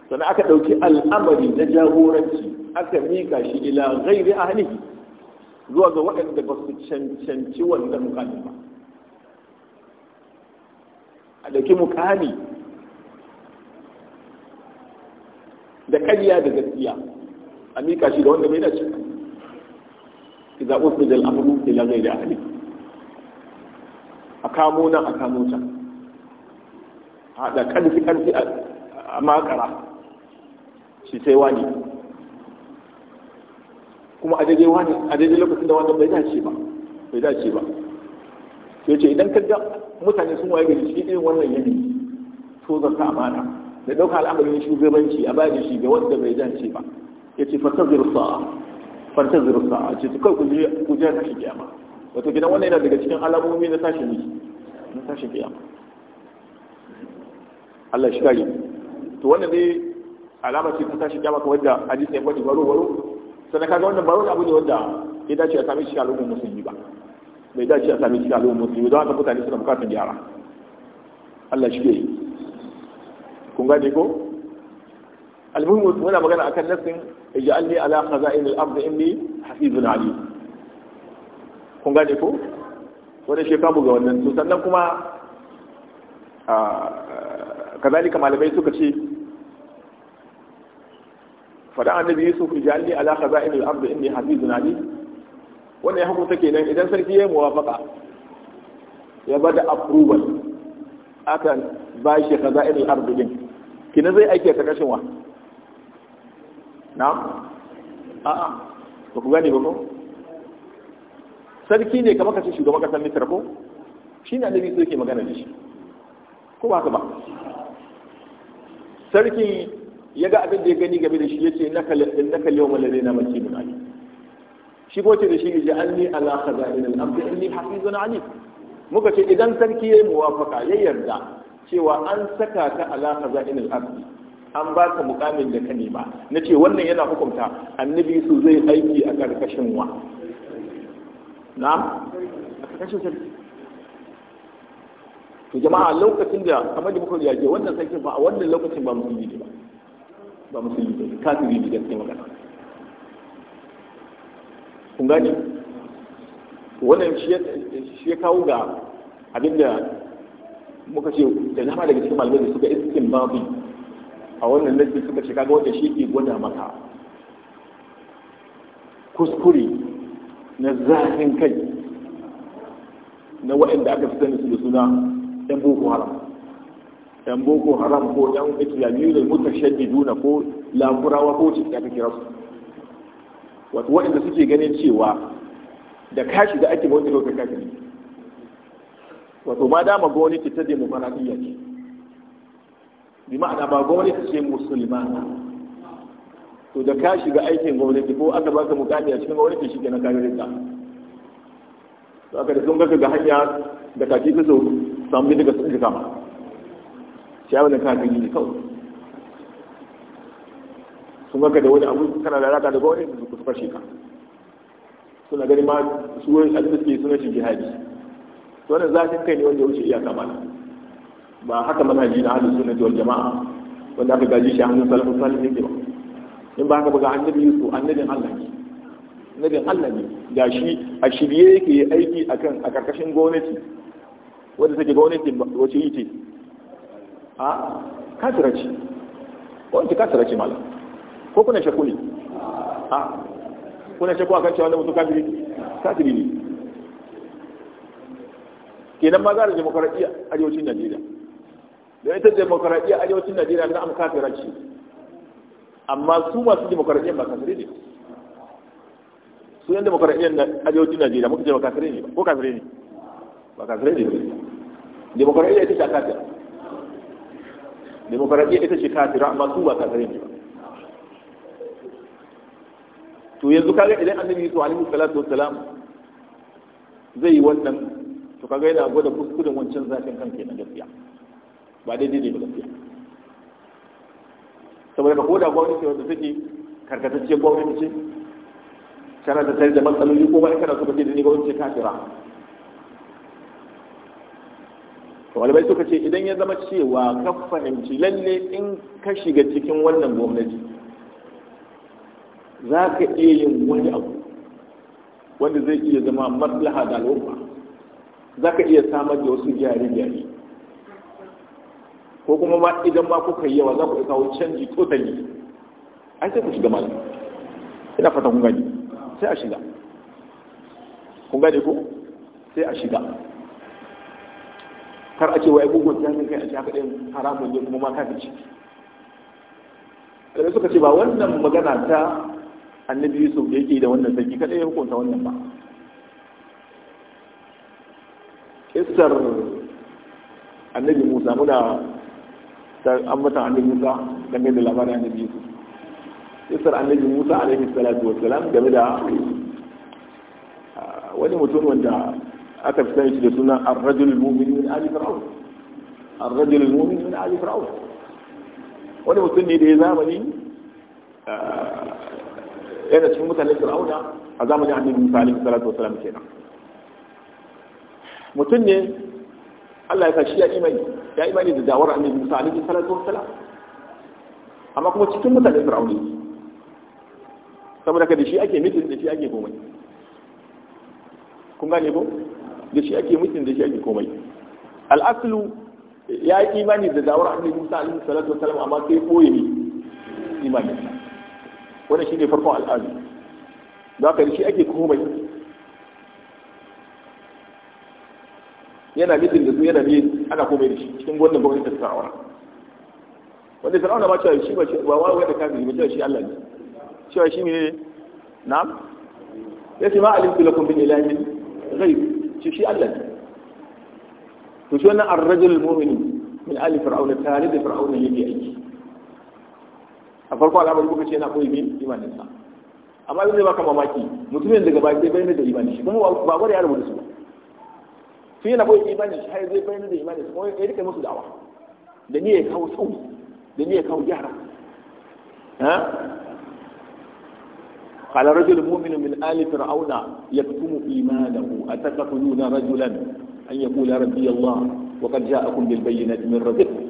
sannan aka dauki al'amari na jagoranci aka mika shi ila ghairi ahlihi zuwa ga waɗanda ba su cancanci wannan mukamin ba a ɗauki mukami da ƙarya da gaskiya a mika shi ga wanda bai dace ki zaɓo su da al'amuru ila ghairi ahlihi a kamo nan a kamo can da ƙarfi ƙarfi a makara shi sai wani kuma a daidai wani a daidai lokacin da wannan bai dace ba bai dace ba sai ce idan ka ga mutane sun waye gari shi irin wannan yanayi to zanta amana da ɗauka al'amarin shugabanci a bayar da shi ga wanda bai dace ba ya ce fantazir sa'a fantazir sa'a ce su kai ku je tashi kiyama wato gidan wannan yana daga cikin alamomi na tashi miki na tashi kiyama Allah shi kare to wannan dai alama ce ta tashi kiyama kamar da hadisi ya faɗi baro baro sannan kaga wannan ba wani abu ne wanda ya dace a sami shi al'ummar musulmi ba bai dace a sami shi al'ummar musulmi don haka mutane suna bukatar gyara Allah shi ne kun gane ko musulmi muna magana akan nassin ij'alni ala khaza'in al-ardi inni hafizun alim kun gane ko wani shekaru ga wannan to sannan kuma ah, kazalika malamai suka ce fada annabi yusuf ijalni ala khaza'in al-ard inni hafizun ali wannan ya hukunta kenan idan sarki ya muwafaka ya bada approval akan ba shi khaza'in al-ard din kina zai aike ta kashin wa na'am a'a ba ku gane ba ko sarki ne kamar kace shugaban kasar Misra ko shi ne annabi sai yake magana da shi ko ba ka ba sarki ya ga abin da ya gani game da shi yace innaka yawma ladaina makinun ali shi ko ce da shi ji anni ala khaza'in al-amr inni hafizun ali muka ce idan sarki yayi muwafaka ya yarda cewa an saka ka ala khaza'in al an ba ka mukamin da ka nema na ce wannan yana hukunta annabi su zai aiki a karkashin wa na a karkashin sarki to jama'a lokacin da kamar da muka yaje wannan sarki ba a wannan lokacin ba musulmi ne ba ba musulmi ba kafiri ne gaskiya magana kun gani wannan shi ya kawo ga abinda muka ce da dama daga cikin malamai da suka iskin babu a wannan lafi suka ce kaga wanda shi ke gwada maka kuskure na zafin kai na waɗanda aka fi sani su da suna ɗan boko haram yan boko haram ko yan islamiyu da mutashaddiduna ko lakurawa ko cikin aka kira su wato waɗanda suke ganin cewa da kashi da ake wani lokacin kafiri wato ma dama gwamnati ta demokaratiyya ce bi ma'ana ba gwamnati ce musulmana to da ka shiga aikin gwamnati ko aka baka mukami a cikin gwamnati shi kenan kare ta to aka da sun ga hanya da kaki ta so samu daga sun kama sai abin da ka gani ne kawai sun maka da wani abu kana da alaka da gwamnati da su fashe ka suna gani ma su wani abin da suke suna shi jihadi to wannan zafin kai ne wanda ya wuce iyaka mana ba haka manhaji na ahlus sunnah wal jamaa wanda aka gaji shi a hannun salafin salih yake ba in ba haka ba ga annabi yusuf annabin Allah ne annabin Allah ne ga shi a shirye yake yi aiki a kan a karkashin gwamnati wanda take gwamnati wace yi ce a kafira ce wanda kafira ce malam ko kuna shakku ne a kuna shakku kan cewa wanda mutum kafiri ne ne nan ma za da demokaradiyya yawancin najeriya don ita demokaradiyya yawancin najeriya na amka kafira amma su masu demokaradiyya ba kafirai ne su yan demokaradiyyar na arewacin najeriya muka ce ba kafirai ne ko kafirai ne ba kafirai ne demokaradiyya ita ce a demokaradiyya ita ce kafira amma su ba kafirin ba to yanzu kaga idan annabi yusuf alaihi salatu wassalam zai yi wannan to kaga yana gwada kuskuren wancan zafin kan kenan gaskiya ba daidai ne ba gaskiya saboda ka koda gwamnati wanda take karkatacciyar gwamnati ce kana da tare da matsaloli ko ba kana so ka ce da ni gwamnati ce kafira walibai suka ce idan ya zama cewa ka fahimci lalle in ka shiga cikin wannan gwamnati za ka iya yin wani abu wanda zai iya zama maslaha da al'umma za ka iya samar da wasu gyare-gyare ko kuma ma idan ma kuka yi yawa za ku kawo canji totali ai sai ku shiga malam ina fata kun gani sai a shiga kun gane ko sai a shiga kar a ce wa abubuwan ta kai a shafi ɗin haramun ne kuma ma kafirci kada suka ce ba wannan magana ta annabi yusuf da yake da wannan sarki kada ya hukunta wannan ba kissar annabi musa muna an mata annabi musa game da labarin annabi yusuf kissar annabi musa alaihi salatu wa salam game da ah, wani mutum wanda aka fi sani da suna ar-rajul mu'min min ali fir'aun ar-rajul mu'min min ali fir'aun wani mutum ne da ya zamani eh, yana cikin mutanen fir'auna a zamanin annabi Musa alaihi salatu wasalam kenan mutum ne Allah ya kashi ya imani ya imani da dawar annabi Musa alaihi salatu wasalam amma kuma cikin mutanen fir'auna saboda ka da shi ake mitin da shi ake komai kun gane ko da shi ake mutum da shi ake komai al'aslu ya yi imani da dawar annabi Musa alaihi salatu wa wasallam amma sai boye ne imanin sa wannan shine farkon al'adu da haka shi ake komai yana mitin da su yana ne ana komai da shi cikin wannan bakwai ta tsawara wanda fir'auna ba cewa shi ba ba wai da kafiri ba cewa shi Allah ne cewa shi ne na'am yace ma alimtu lakum min ilahin ghayr ce shi Allah ne to shi wannan ar-rajul mu'min min ali fir'auna tare da fir'auna yake aiki a farko al'amari kuka ce yana koyi min imanin sa amma zai baka mamaki mutumin daga baki bai ne da imani shi kuma ba gwada ya rubuta su ba shi yana koyi imani shi har zai bayyana da imani su kuma ya rika musu da'awa da ni ya kawo tsauni da ni ya kawo gyara قال رجل مؤمن من آل فرعون يكتم إيمانه أتقتلون رجلا أن يقول ربي الله وقد جاءكم بالبينات من ربكم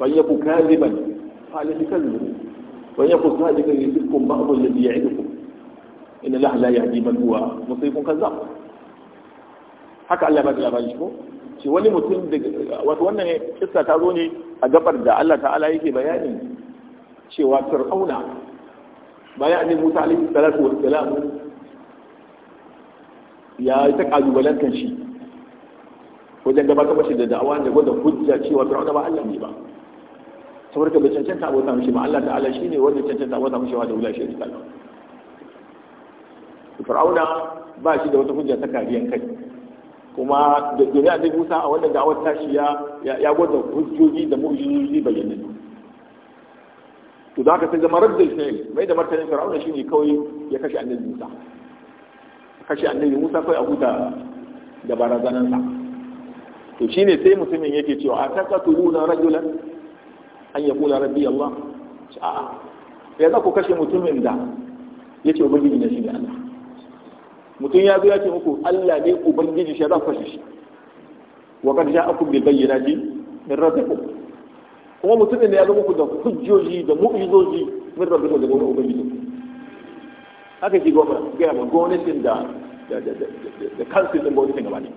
فإن يكون كاذبا قال تكذبوا وإن يكون صادقا يصدكم بعض الذي يعدكم إن الله لا يهدي من هو مصيب كذاب حكى الله ما da labari shi ko shi wani mutum da wato wannan kissa ta zo ne a gabar da Allah ta'ala yake bayanin cewa fir'auna bayan ne Musa alaihi salatu wa salam ya ta kalubalantar shi wajen gabatar bashi da da'awa da gwada hujja cewa fir'auna ba Allah ne ba saboda bai cancanta abota mishi ba Allah ta'ala shine wanda cancanta abota mishi wa da wula shi ta fir'auna ba shi da wata hujja ta kariyan kai kuma da duniya da Musa a wannan da'awar tashi ya ya gwada hujjoji da mu'jizoji bayanan to da ka sai zama raddul fi'l mai da martanin fir'auna shine kawai ya kashe annabi Musa kashe annabi Musa kai a huta da barazanan sa to shine sai musulmin yake cewa a taqatuluna rajulan an kula rabbi Allah a'a ya za ku kashe mutumin da yace ubangiji ne ne Allah mutum ya zo ya ce muku Allah ne ubangiji shi za ku kashe shi wa kad ja'akum bil bayyinati min rabbikum kuma mutumin da ya zama ku da hujjoji da mu'izoji min rabbikum daga wani ubangiji haka shi goma gaya ma gwamnatin da da kansu da gwamnatin gaba ne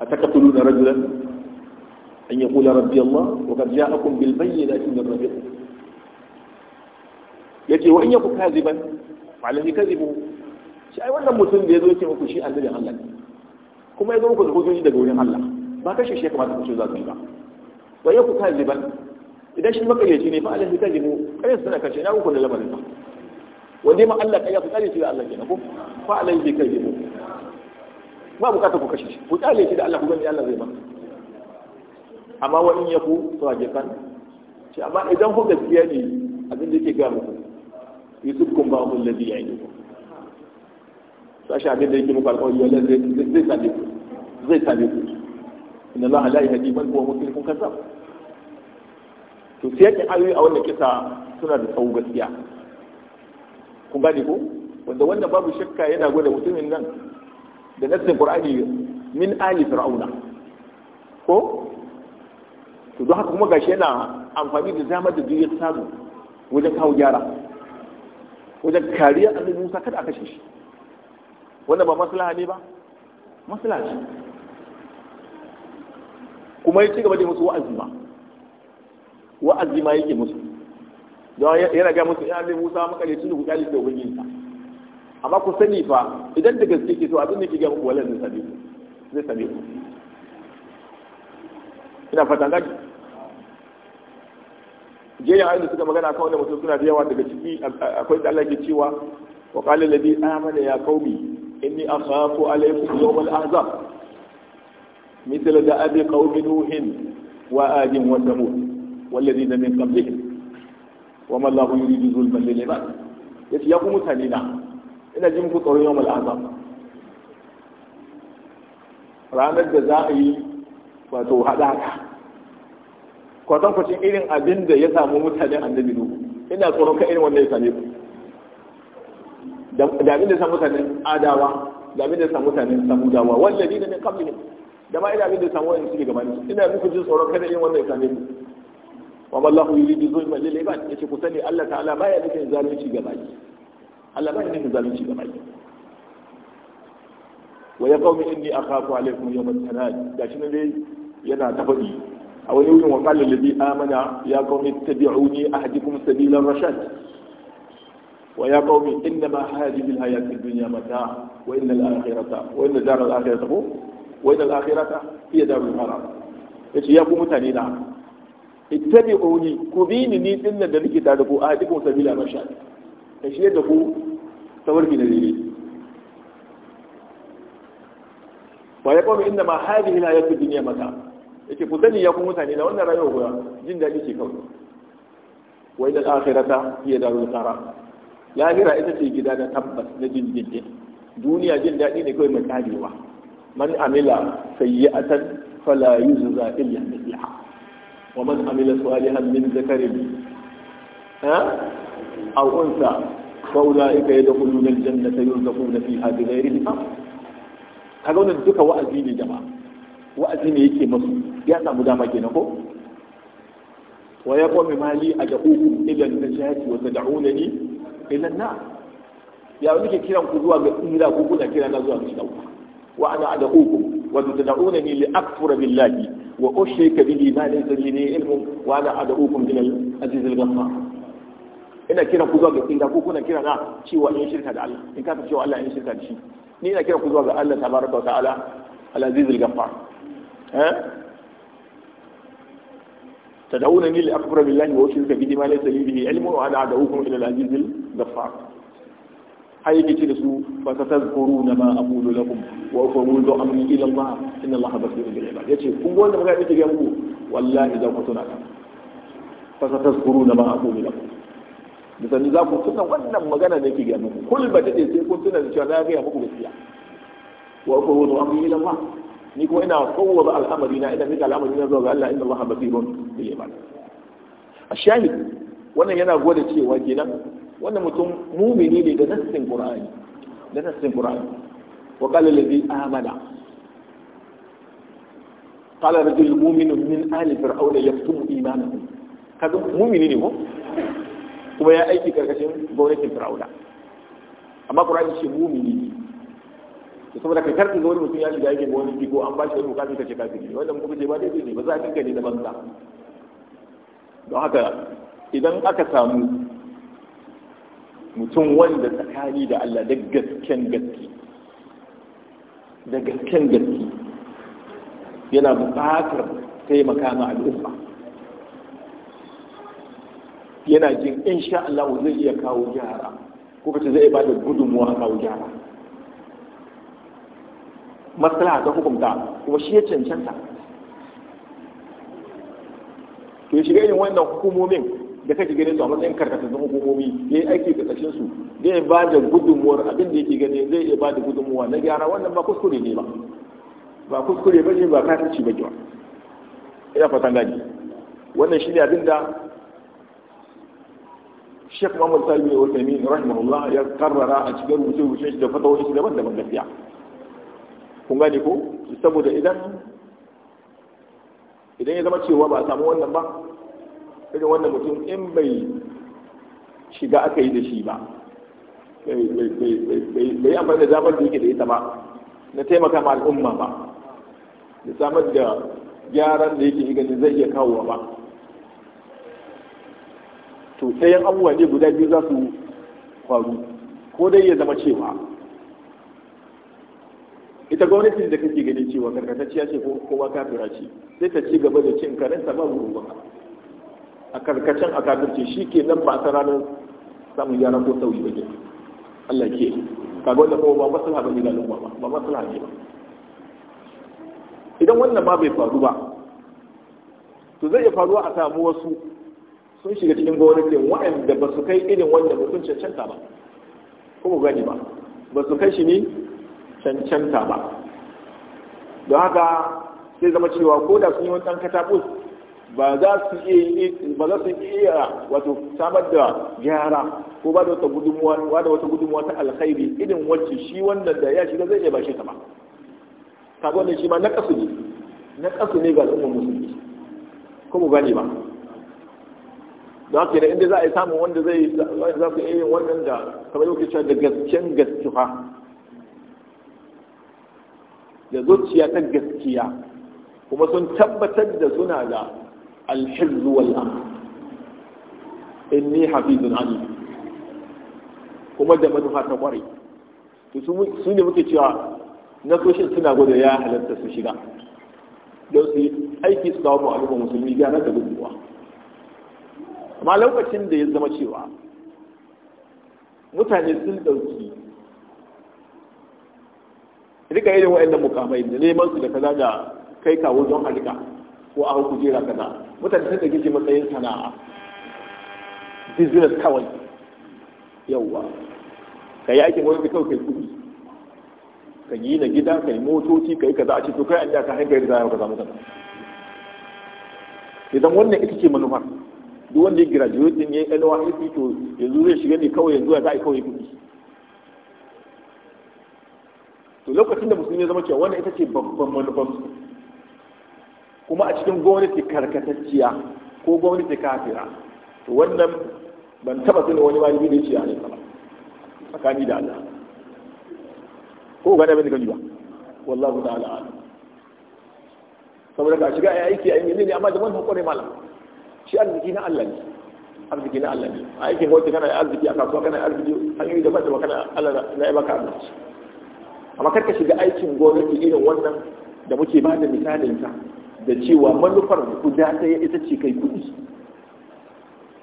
a takatulu na rajulan an yi kula rabbi Allah wa kan kad akun bil bayyinati min rabbikum yace wa in yaku kaziban fa alladhi kadhibu shi ai wannan mutum da yazo yake muku shi annabi Allah kuma yazo muku da hujjoji daga wurin Allah ba kashe shi ya kamata ku ce za su yi ba wa ya ku kaliban idan shi makayyaci ne fa alaihi kalimu kai su da kashe na ku da lamarin ba wanda ma Allah kai ya ku kare shi da Allah kenan ko fa alaihi kalimu ba bukata ku kashe shi ku kare shi da Allah ku gani Allah zai ba amma wa in yaku sadiqan ce amma idan ku gaskiya ne abin da yake ga muku yusuf kun ba mun ya yi sashi abin da yake muku alƙawari zai zai sadiku zai sadiku inna allaha la yahdi man huwa musrifun kazzab to sai a wannan kisa suna da tsawo gaskiya kun gane ko wanda wannan babu shakka yana gwada mutumin nan da nassin qur'ani min ali fir'auna ko to don haka kuma gashi yana amfani da damar da duk ya wajen kawo gyara wajen kariya annabi Musa kada a kashe shi wannan ba maslaha ne ba maslaha ce kuma ya ci gaba da musu wa'azi ma wa'azi ma yake musu don yana ga musu ya ne musa makalici ne guda da sa amma ku sani fa idan da gaske ke so abin da ke ga muku walan zai same ku zai same ku ina fatan gaji jeya ayin da suka magana kan wannan mutum suna da yawa daga ciki akwai da Allah ke cewa wa qala alladhi amana ya qaumi inni akhafu alaykum yawm al-ahzab مثل دأب قوم نوح وآد وثمود والذين من قبلهم وما الله يريد ظلما للعباد يقوم ثانينا إن جمك يوم العذاب رانا الجزاء واتو هذا كوتان كوتين إيرين أبين ده يسا ممت هذا عند بدو إن أقول لك إيرين وليس عليك دابين ده سموت هذا آدawa دابين ده سموت هذا سموداوا والذين من قبلهم da ma ina abin da ya samu wa'in suke gabanin ina muku jin tsoron kada yin wannan ya same ku wa wallahu yuridu zulma lil ibad yace ku sani Allah ta'ala baya nufin zalunci ga baki Allah baya nufin zalunci ga baki wa ya qaumi inni akhafu alaykum yawm at-tanad gashi nan dai yana ta faɗi a wani wurin wa qala alladhi amana ya qaumi ittabi'uni ahdikum sabila rashad wa ya qaumi innama hadhihi al-hayatu ad-dunya mata wa inna al-akhirata wa inna dar al-akhirata wa idal akhirata hiya darul qarar yace ya ku mutane na ittabi'uni ku bi ni ni din da nake tare da ku a dukkan sabila masha da shi da ku tawarki da dare wa ya qawmi inna ma hadhihi la yatu dunya mata yake ku sani ya ku mutane na wannan rayuwa goya jin daɗi ce kawai wa idal akhirata hiya darul qarar lahira ita ce gida na tabbas na jin jin duniya jin daɗi ne kawai mai karewa man amila sayyi'atan fala yujza illa mithliha wa man amila salihan min dhakarin ha aw unsa fa ulaika yadkhuluna aljannata yurzaquna fiha bighayri hisab kaga wannan duka wa'azi ne jama'a wa'azi ne yake masu ya samu dama kenan ko wa yaqum mali ad'ukum ila an-najati wa tad'unani ila an-nar ya wani ke kiran ku zuwa ga tsira ko kuna kiran na zuwa ga shiga وأنا أدعوكم وتدعونني لأكفر بالله وأشرك به ما ليس لي علم وأنا أدعوكم إلى العزيز الغفار ina kira ku zuwa ga inda ku kuna kira na cewa in shirka da Allah in kafa cewa Allah in shirka da shi ni ina kira ku zuwa ga Allah tabaraka wa ta'ala al-aziz al-ghaffar eh tad'unani li akbara billahi wa ushrika bihi ma laysa li bihi ilmun wa ana ad'ukum ila al-aziz al-ghaffar har yake da su ba ta tazkuru na ma a aqulu lakum wa fawudu amri ila Allah inna Allah basirun bil ibad yace kun ga wannan magana take ga muku wallahi za ku tuna ta fa ta tazkuru na ma aqulu lakum da sanin za ku tuna wannan magana da yake ga muku kul ba dade sai kun tuna da cewa za ga muku gaskiya wa fawudu amri ila Allah ni kuma ina fawwada al'amari na ina mika al'amari na zuwa ga Allah inna Allah basirun bil ibad a shahid wannan yana gwada cewa kenan wannan mutum mumini ne da nassin qur'ani da nassin qur'ani wa qala allazi amana qala rajul mu'minu min ali fir'aun yaktumu imanahu kaga mumini ne ko kuma ya aiki karkashin gwamnatin fir'auna amma qur'ani shi mumini ne to saboda ka karka ga wani mutum ya shiga yake wani ko an ba shi wani bukatu ka kafin ne. Wannan kuma ce ba daidai ne ba za a dinka ne da banza don haka idan aka samu mutum wanda tsakani da Allah da gasken gaske da gasken gaske yana buƙatar taimaka ma al'umma yana jin in sha Allah zai iya kawo gyara ko kace zai ba da gudunmuwa kawo gyara matsala ta hukunta kuma shi ya cancanta to shiga yin wannan hukumomin da kake ganin su a matsayin da hukumomi ya yi aiki da kashin su zai ba da gudunmuwar abin da yake gani zai iya ba da gudunmuwa na gyara wannan ba kuskure ne ba ba kuskure ba ne ba kasance ba kiwa ina fatan gani wannan shine abin da Sheikh Muhammad Salmi Al-Uthaymeen rahimahullah ya karrara a cikin rubuce-rubucen shi da fatawoyin shi daban-daban gaskiya kun gane ko saboda idan idan ya zama cewa ba a samu wannan ba irin wannan mutum in bai shiga aka yi da shi ba bai amfani da zafar da yake da ita ba na taimaka ma al'umma ba da samar da gyaran da yake ganin zai iya kawowa ba to yan abubuwa ne guda biyu za su faru ko dai ya zama cewa ita gwamnati da kake gani cewa karkatacciya ce ko kowa kafira ce sai ta ci gaba da cin karanta babu ruwan a karkacin a kafirci shi ke nan ba ta ranar samun gyara ko sauyi ba ke Allah ke kaga wanda kuma ba maslaha ba ne ga al'umma ba ba maslaha ne ba idan wannan ma bai faru ba to zai iya faruwa a samu wasu sun shiga cikin gwamnatin waɗanda ba su kai irin wanda sun cancanta ba ko gani ba ba su kai shi ne cancanta ba don haka sai zama cewa ko da sun yi wani ɗan katakus ba za su iya wato samar da gyara ko ba da wata gudunmuwa da wata gudunmuwa ta alkhairi irin wacce shi wannan da ya shiga zai iya bashe ta ba kaga wannan shi ma na kasu ne na kasu ne ga al'ummar musulmi ko mu gane ba don haka inda za a yi samun wanda zai za su iya yin wannan da kamar yau ke cewa da gasken gaskiya da zuciya ta gaskiya kuma sun tabbatar da suna da الحفظ والأمن إني حفيظ عليم kuma da manufa ta kwarai to su ne muke cewa na soshin suna gwada ya halatta su shiga don su yi aiki su kawo al'umma musulmi gyara da gudunwa amma lokacin da ya zama cewa mutane sun ɗauki rika irin wa'annan mukamai da neman su da kaza da kai kawo don halika ko a kujera kaza mutane sun da gije matsayin sana'a business kawai yauwa ka yi aikin wani kawai kai kudi ka yi na gida ka yi motoci ka yi kaza a cikin to kai an da ka hankali za a ka zama kaza idan wannan ita ce manufar duk wanda ya graduate din ya yi NYSC to yanzu zai shiga ne kawai yanzu ya za a yi kawai kudi to lokacin da musulmi ya zama cewa wannan ita ce babban manufar kuma a cikin gwamnati karkatacciya ko gwamnati kafira to wannan ban taba sanin wani wani da yake ne ba tsakani da Allah ko gane da bin kan ba wallahu ta'ala alam saboda ka shiga ai aiki ai menene amma da wannan kore malam shi arziki na Allah ne arziki na Allah ne a aikin gwamnati kana arziki a kasuwa kana arziki hanyoyi da daban kana Allah na ya baka arziki amma karka shiga aikin gwamnati irin wannan da muke ba da misalin sa da cewa manufar guda ɗaya ita ce kai kuɗi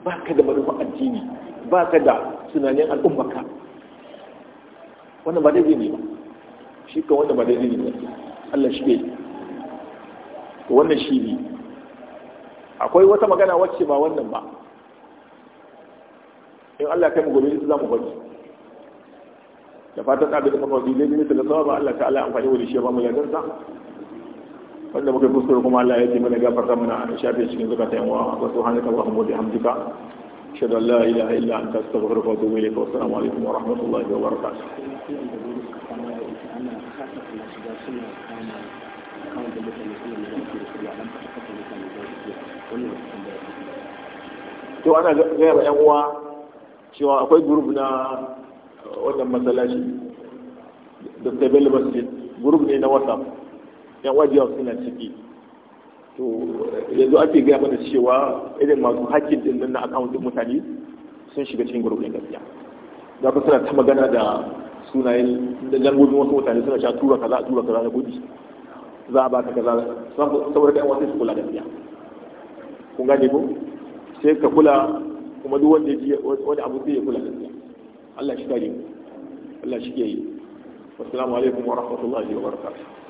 ba ka da manufa addini ba ka da tunanin al'ummaka wannan ba daidai ne ba shi kan wannan ba daidai ne ba Allah shi ne wannan shi ne akwai wata magana wacce ba wannan ba in Allah kai mu gobe ita za mu bari da fatan abin da muka wadi daidai ne da sababa Allah ta'ala amfani wani da shi ba mu ladansa wanda muka kuskure kuma Allah ya ce mana gafarta mana a shafe cikin zakata wa wa subhanaka wa bihamdika ashhadu an la ilaha illa anta astaghfiruka wa atubu ilayk wa assalamu alaikum wa rahmatullahi wa barakatuh to ana gaya wa yan uwa cewa akwai gurbu na uh, wannan masallaci da tabel masjid gurbu ne na whatsapp yan wasu suna ciki to yanzu ake gaya mana cewa irin masu hakkin din na akawuntin mutane sun shiga cikin gurbin gaskiya za ku suna ta magana da sunayen da jangobin wasu mutane suna sha tura kaza tura kaza da gudu za a baka kaza saboda kai wasu su kula gaskiya kun gane ko sai ka kula kuma duk wanda ji wani abu sai ya kula gaskiya Allah shi kare yi Allah shi ke yi wassalamu alaikum wa rahmatullahi wa barakatuh